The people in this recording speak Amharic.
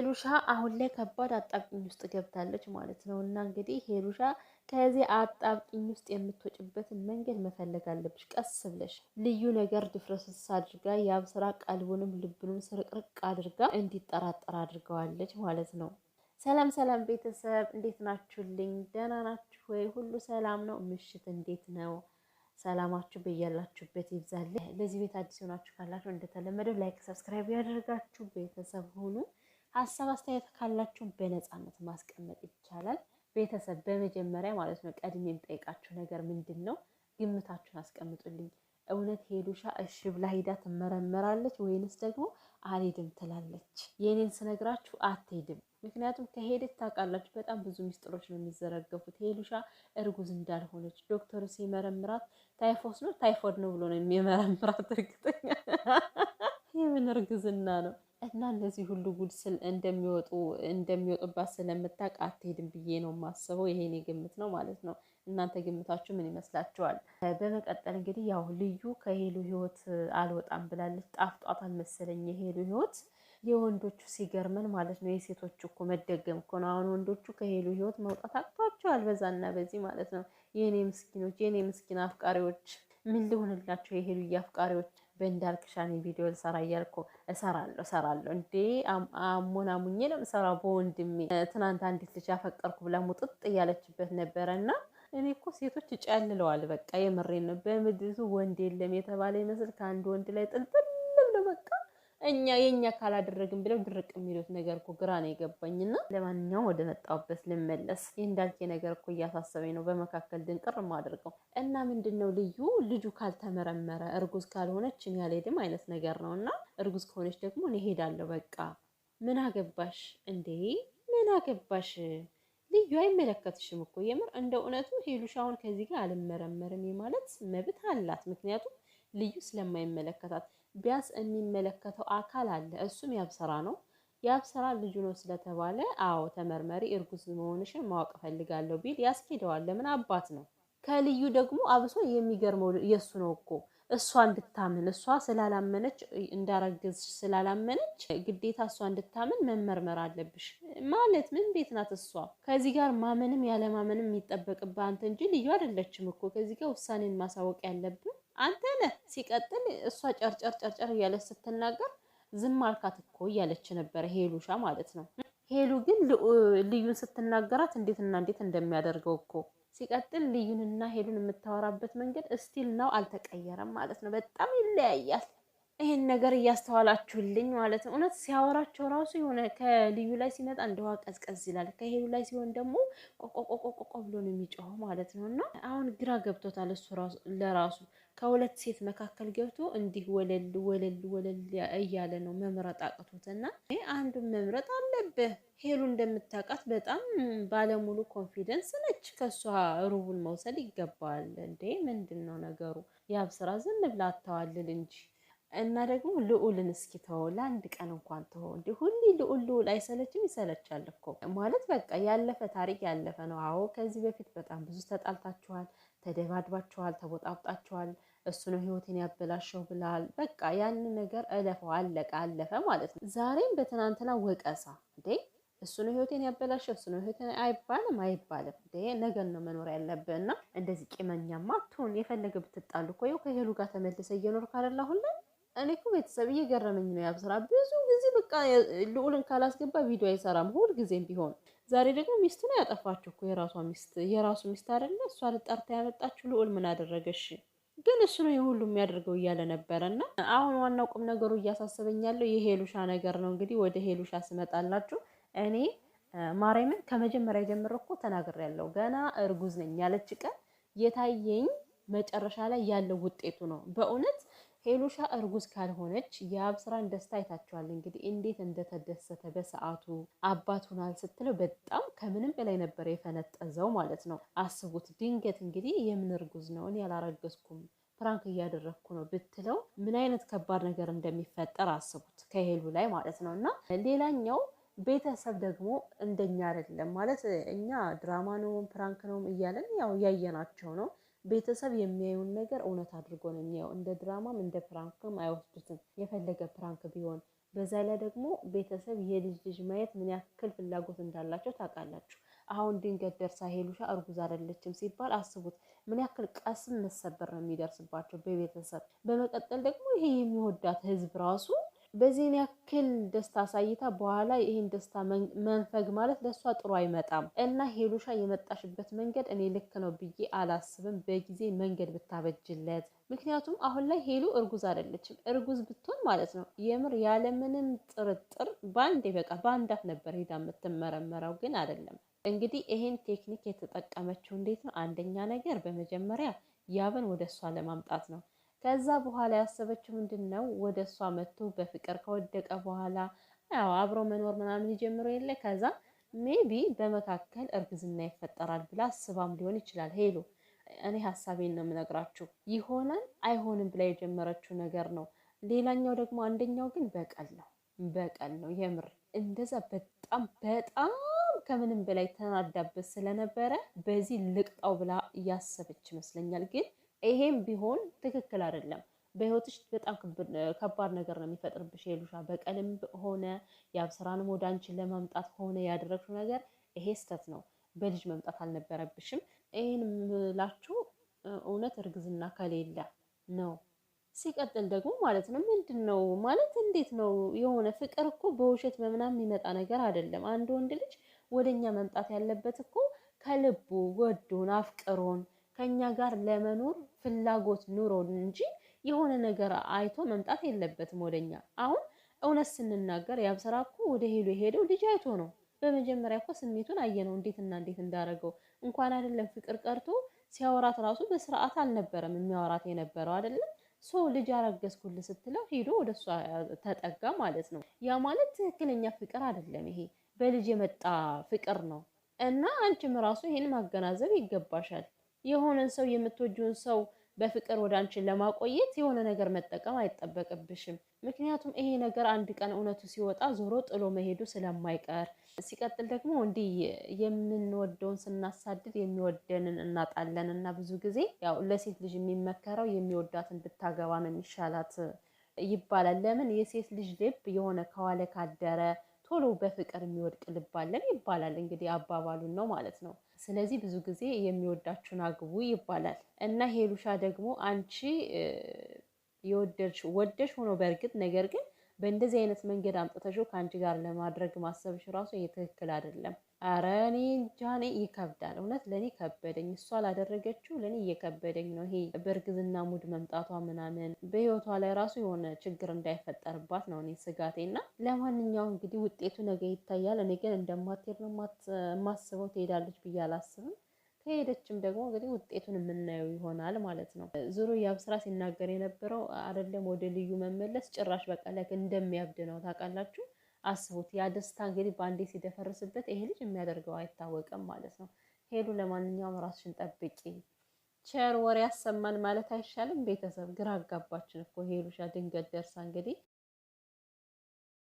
ሄሉሻ አሁን ላይ ከባድ አጣብቂኝ ውስጥ ገብታለች ማለት ነው። እና እንግዲህ ሄሉሻ ከዚህ አጣብቂኝ ውስጥ የምትወጭበትን መንገድ መፈለግ አለብሽ። ቀስ ብለሽ ልዩ ነገር ድፍረስስ አድርጋ የአብስራ ቀልቡንም ልብንም ስርቅርቅ አድርጋ እንዲጠራጠር አድርገዋለች ማለት ነው። ሰላም ሰላም ቤተሰብ እንዴት ናችሁልኝ? ደህና ናችሁ ወይ? ሁሉ ሰላም ነው? ምሽት እንዴት ነው? ሰላማችሁ በያላችሁበት ይብዛልኝ። ለዚህ ቤት አዲስ የሆናችሁ ካላችሁ እንደተለመደው ላይክ፣ ሰብስክራይብ ያደርጋችሁ ቤተሰብ ሁኑ። ሀሳብ አስተያየት ካላችሁ በነፃነት ማስቀመጥ ይቻላል። ቤተሰብ በመጀመሪያ ማለት ነው ቀድሜ የምጠይቃችሁ ነገር ምንድን ነው? ግምታችሁን አስቀምጡልኝ። እውነት ሄሉሻ እሺ ብላ ሂዳ ትመረመራለች ወይንስ ደግሞ አልሄድም ትላለች? የኔን ስነግራችሁ አትሄድም። ምክንያቱም ከሄደች ታውቃላችሁ፣ በጣም ብዙ ሚስጥሮች ነው የሚዘረገፉት። ሄሉሻ እርጉዝ እንዳልሆነች ዶክተሩ ሲመረምራት ታይፎስ ነው ታይፎድ ነው ብሎ ነው የሚመረምራት። እርግጠኛ የምን እርግዝና ነው? እና እነዚህ ሁሉ ጉድ ስል እንደሚወጡ እንደሚወጡባት ስለምታውቅ አትሄድም ብዬ ነው የማስበው። ይሄኔ ግምት ነው ማለት ነው። እናንተ ግምታችሁ ምን ይመስላችኋል? በመቀጠል እንግዲህ ያው ልዩ ከሄሉ ህይወት አልወጣም ብላለች። ጣፍጧታል መሰለኝ የሄሉ ህይወት የወንዶቹ ሲገርመን ማለት ነው። የሴቶች እኮ መደገም እኮ ነው። አሁን ወንዶቹ ከሄሉ ህይወት መውጣት አቅቷቸዋል፣ በዛና በዚህ ማለት ነው። የእኔ ምስኪኖች፣ የእኔ ምስኪን አፍቃሪዎች፣ ምን ሊሆንላቸው የሄሉ አፍቃሪዎች በእንዳልክሻን ቪዲዮ ልሰራ እያልኩ እሰራለሁ እሰራለሁ። እንዴ አሞና ሙኜ ነው የምሰራው በወንድሜ። ትናንት አንዲት ልጅ አፈቀርኩ ብላ ሙጥጥ እያለችበት ነበረ እና እኔ እኮ ሴቶች ጨልለዋል። በቃ የምሬን ነው። በምድሪቱ ወንድ የለም የተባለ ይመስል ከአንድ ወንድ ላይ ጥልጥል እኛ የእኛ ካላደረግን ብለው ድርቅ የሚሉት ነገር እኮ ግራ ነው የገባኝና፣ ለማንኛውም ወደ መጣሁበት ልመለስ። ይህ እንዳልኬ ነገር እኮ እያሳሰበኝ ነው በመካከል ድንቅር ማድርገው እና ምንድን ነው ልዩ ልጁ ካልተመረመረ እርጉዝ ካልሆነች እኔ አልሄድም አይነት ነገር ነው እና እርጉዝ ከሆነች ደግሞ እኔ እሄዳለሁ በቃ ምን አገባሽ እንዴ? ምን አገባሽ ልዩ አይመለከትሽም እኮ የምር እንደ እውነቱ ሄሉሽ አሁን ከዚህ ጋር አልመረመርም ማለት መብት አላት። ምክንያቱም ልዩ ስለማይመለከታት ቢያስ የሚመለከተው አካል አለ። እሱም ያብሰራ ነው። ያብሰራ ልጁ ነው ስለተባለ አዎ ተመርመሪ፣ እርጉዝ መሆንሽን ማወቅ ፈልጋለሁ ቢል ያስኬደዋል። ለምን አባት ነው። ከልዩ ደግሞ አብሶ የሚገርመው የእሱ ነው እኮ እሷ እንድታምን እሷ ስላላመነች እንዳረግዝ ስላላመነች ግዴታ እሷ እንድታምን መመርመር አለብሽ ማለት ምን ቤት ናት እሷ? ከዚህ ጋር ማመንም ያለማመንም የሚጠበቅብህ አንተ እንጂ ልዩ አይደለችም እኮ። ከዚህ ጋር ውሳኔን ማሳወቅ ያለብን አንተ ነህ። ሲቀጥል እሷ ጨርጨር ጨርጨር እያለች ስትናገር ዝም አልካት እኮ እያለች ነበረ ሄሉሻ ማለት ነው። ሄሉ ግን ልዩን ስትናገራት እና እንዴት እንደሚያደርገው እኮ ሲቀጥል ልዩንና ሄሉን የምታወራበት መንገድ እስቲል ነው አልተቀየረም ማለት ነው። በጣም ይለያያል። ይሄን ነገር እያስተዋላችሁልኝ ማለት ነው። እውነት ሲያወራቸው ራሱ የሆነ ከልዩ ላይ ሲመጣ እንደዋ ቀዝቀዝ ይላል፣ ከሄሉ ላይ ሲሆን ደግሞ ቆቆቆቆቆ ብሎ ነው የሚጮኸው ማለት ነው። እና አሁን ግራ ገብቶታል እሱ ለራሱ ከሁለት ሴት መካከል ገብቶ እንዲህ ወለል ወለል ወለል እያለ ነው መምረጥ አቅቶትና አንዱን መምረጥ አለብህ። ሄሉ እንደምታውቃት በጣም ባለሙሉ ኮንፊደንስ ነች። ከእሷ ሩቡን መውሰድ ይገባዋል። እንዴ ምንድን ነው ነገሩ? ያብ ስራ ዝም ብላ አታዋልል እንጂ እና ደግሞ ልዑልን እስኪ ተወው፣ ለአንድ ቀን እንኳን ተወው። እንዲ ሁሌ ልዑል ልዑል አይሰለችም? ይሰለቻል እኮ ማለት በቃ ያለፈ ታሪክ ያለፈ ነው። አዎ ከዚህ በፊት በጣም ብዙ ተጣልታችኋል፣ ተደባድባችኋል፣ ተቦጣብጣችኋል እሱ ነው ህይወቴን ያበላሸው ብላል በቃ ያንን ነገር እለፈው፣ አለቀ፣ አለፈ ማለት ነው። ዛሬም በትናንትና ወቀሳ እንዴ እሱ ነው ህይወቴን ያበላሸው፣ እሱ ነው ህይወቴን አይባልም፣ አይባልም። ነገር ነው መኖር ያለብህ እና እንደዚህ ቂመኛማ አትሁን። የፈለገ ብትጣሉ እኮ ይኸው ከሄሉ ጋር ተመልሰ እየኖር ካለላ አሁን እኔ እኮ ቤተሰብ እየገረመኝ ነው። ያብስራ ብዙ ጊዜ በቃ ልዑልን ካላስገባ ቪዲዮ አይሰራም፣ ሁል ጊዜም ቢሆን። ዛሬ ደግሞ ሚስት ነው ያጠፋችሁ እኮ የራሷ ሚስት የራሱ ሚስት አይደለ እሷ ልጠርታ ያመጣችሁ ልዑል ምን አደረገሽ? ግን እሱ ነው የሁሉ የሚያደርገው እያለ ነበረ እና አሁን ዋናው ቁም ነገሩ እያሳሰበኝ ያለው የሄሉሻ ነገር ነው። እንግዲህ ወደ ሄሉሻ ስመጣላችሁ እኔ ማርያምን ከመጀመሪያ ጀምሮ እኮ ያለው ገና እርጉዝ ነኝ ያለች ቀን የታየኝ መጨረሻ ላይ ያለው ውጤቱ ነው በእውነት ሄሉሻ እርጉዝ ካልሆነች የአብስራን ደስታ አይታችኋል። እንግዲህ እንዴት እንደተደሰተ በሰዓቱ አባቱን ስትለው በጣም ከምንም በላይ ነበር የፈነጠዘው ማለት ነው። አስቡት ድንገት እንግዲህ የምን እርጉዝ ነው እኔ ያላረገዝኩም ፕራንክ እያደረግኩ ነው ብትለው ምን አይነት ከባድ ነገር እንደሚፈጠር አስቡት ከሄሉ ላይ ማለት ነው። እና ሌላኛው ቤተሰብ ደግሞ እንደኛ አይደለም ማለት እኛ ድራማ ነውም ፕራንክ ነውም እያለን ያው እያየናቸው ነው ቤተሰብ የሚያዩን ነገር እውነት አድርጎ ነው የሚያየው። እንደ ድራማም እንደ ፕራንክም አይወስዱትም፣ የፈለገ ፕራንክ ቢሆን። በዛ ላይ ደግሞ ቤተሰብ የልጅ ልጅ ማየት ምን ያክል ፍላጎት እንዳላቸው ታውቃላችሁ። አሁን ድንገት ደርሳ ሄሉሻ እርጉዝ አይደለችም ሲባል አስቡት፣ ምን ያክል ቀስም መሰበር ነው የሚደርስባቸው በቤተሰብ። በመቀጠል ደግሞ ይሄ የሚወዳት ህዝብ ራሱ በዚህን ያክል ደስታ አሳይታ በኋላ ይህን ደስታ መንፈግ ማለት ለእሷ ጥሩ አይመጣም እና ሄሉሻ የመጣሽበት መንገድ እኔ ልክ ነው ብዬ አላስብም። በጊዜ መንገድ ብታበጅለት። ምክንያቱም አሁን ላይ ሄሉ እርጉዝ አይደለችም። እርጉዝ ብትሆን ማለት ነው የምር ያለምንም ጥርጥር በአንዴ በቃ በአንዳት ነበር ሄዳ የምትመረመረው፣ ግን አይደለም። እንግዲህ ይሄን ቴክኒክ የተጠቀመችው እንዴት ነው? አንደኛ ነገር በመጀመሪያ ያብን ወደ እሷ ለማምጣት ነው። ከዛ በኋላ ያሰበችው ምንድን ነው ወደ እሷ መጥቶ በፍቅር ከወደቀ በኋላ ያው አብሮ መኖር ምናምን ይጀምሩ የለ ከዛ ሜቢ በመካከል እርግዝና ይፈጠራል ብላ አስባም ሊሆን ይችላል። ሄሎ እኔ ሀሳቤን ነው የምነግራችሁ። ይሆናል አይሆንም ብላ የጀመረችው ነገር ነው። ሌላኛው ደግሞ አንደኛው ግን በቀል ነው፣ በቀል ነው የምር እንደዛ በጣም በጣም ከምንም በላይ ተናዳበት ስለነበረ በዚህ ልቅጣው ብላ እያሰበች ይመስለኛል ግን ይሄም ቢሆን ትክክል አይደለም። በህይወትሽ በጣም ከባድ ነገር ነው የሚፈጥርብሽ የሉሻ በቀልም ሆነ የአብስራንም ወደ አንቺን ለማምጣት ሆነ ያደረግሽው ነገር ይሄ ስተት ነው። በልጅ መምጣት አልነበረብሽም። ይህን ምላችሁ እውነት እርግዝና ከሌለ ነው። ሲቀጥል ደግሞ ማለት ነው ምንድን ነው ማለት እንዴት ነው የሆነ ፍቅር እኮ በውሸት በምናምን የሚመጣ ነገር አይደለም። አንድ ወንድ ልጅ ወደኛ መምጣት ያለበት እኮ ከልቡ ወዶን አፍቅሮን ከኛ ጋር ለመኖር ፍላጎት ኑሮን እንጂ የሆነ ነገር አይቶ መምጣት የለበትም ወደኛ። አሁን እውነት ስንናገር ያብሰራ እኮ ወደ ሄሎ የሄደው ልጅ አይቶ ነው። በመጀመሪያ እኮ ስሜቱን አየነው እንዴትና እንዴት እንዳደረገው። እንኳን አይደለም ፍቅር ቀርቶ ሲያወራት ራሱ በስርዓት አልነበረም የሚያወራት የነበረው አይደለም። ሰው ልጅ አረገዝኩልህ ስትለው ሄዶ ወደ እሷ ተጠጋ ማለት ነው። ያ ማለት ትክክለኛ ፍቅር አይደለም። ይሄ በልጅ የመጣ ፍቅር ነው እና አንቺም ራሱ ይሄን ማገናዘብ ይገባሻል። የሆነን ሰው የምትወጂውን ሰው በፍቅር ወደ አንቺን ለማቆየት የሆነ ነገር መጠቀም አይጠበቅብሽም። ምክንያቱም ይሄ ነገር አንድ ቀን እውነቱ ሲወጣ ዞሮ ጥሎ መሄዱ ስለማይቀር፣ ሲቀጥል ደግሞ እንዲህ የምንወደውን ስናሳድድ የሚወደንን እናጣለን እና ብዙ ጊዜ ያው ለሴት ልጅ የሚመከረው የሚወዳትን ብታገባ ነው የሚሻላት ይባላል። ለምን የሴት ልጅ ልብ የሆነ ከዋለ ካደረ ቶሎ በፍቅር የሚወድቅ ልባለን ይባላል። እንግዲህ አባባሉን ነው ማለት ነው። ስለዚህ ብዙ ጊዜ የሚወዳችሁን አግቡ ይባላል እና ሄሉሻ ደግሞ አንቺ የወደድሽ ወደሽ ሆኖ በእርግጥ ነገር ግን በእንደዚህ አይነት መንገድ አምጥተሽው ከአንቺ ጋር ለማድረግ ማሰብሽ ራሱ ትክክል አይደለም። አረ እኔ እንጃ እኔ ይከብዳል። እውነት ለእኔ ከበደኝ። እሷ አላደረገችው ለእኔ እየከበደኝ ነው። ይሄ በእርግዝና ሙድ መምጣቷ ምናምን በህይወቷ ላይ ራሱ የሆነ ችግር እንዳይፈጠርባት ነው እኔ ስጋቴና። ለማንኛውም እንግዲህ ውጤቱ ነገ ይታያል። እኔ ግን እንደማትሄድ ነው የማስበው። ትሄዳለች ብዬ አላስብም። ከሄደችም ደግሞ እንግዲህ ውጤቱን የምናየው ይሆናል ማለት ነው። ዙሩ ያብስራ ሲናገር የነበረው አይደለም ወደ ልዩ መመለስ ጭራሽ በቃ ላይክ እንደሚያብድ ነው። ታውቃላችሁ፣ አስቡት። ያ ደስታ እንግዲህ በአንዴ ሲደፈርስበት ይሄ ልጅ የሚያደርገው አይታወቅም ማለት ነው። ሄሉ፣ ለማንኛውም ራስሽን ጠብቂ። ቸር ወሬ ያሰማን ማለት አይሻልም? ቤተሰብ ግራ አጋባችን እኮ ሄሉሻ ድንገት ደርሳ እንግዲህ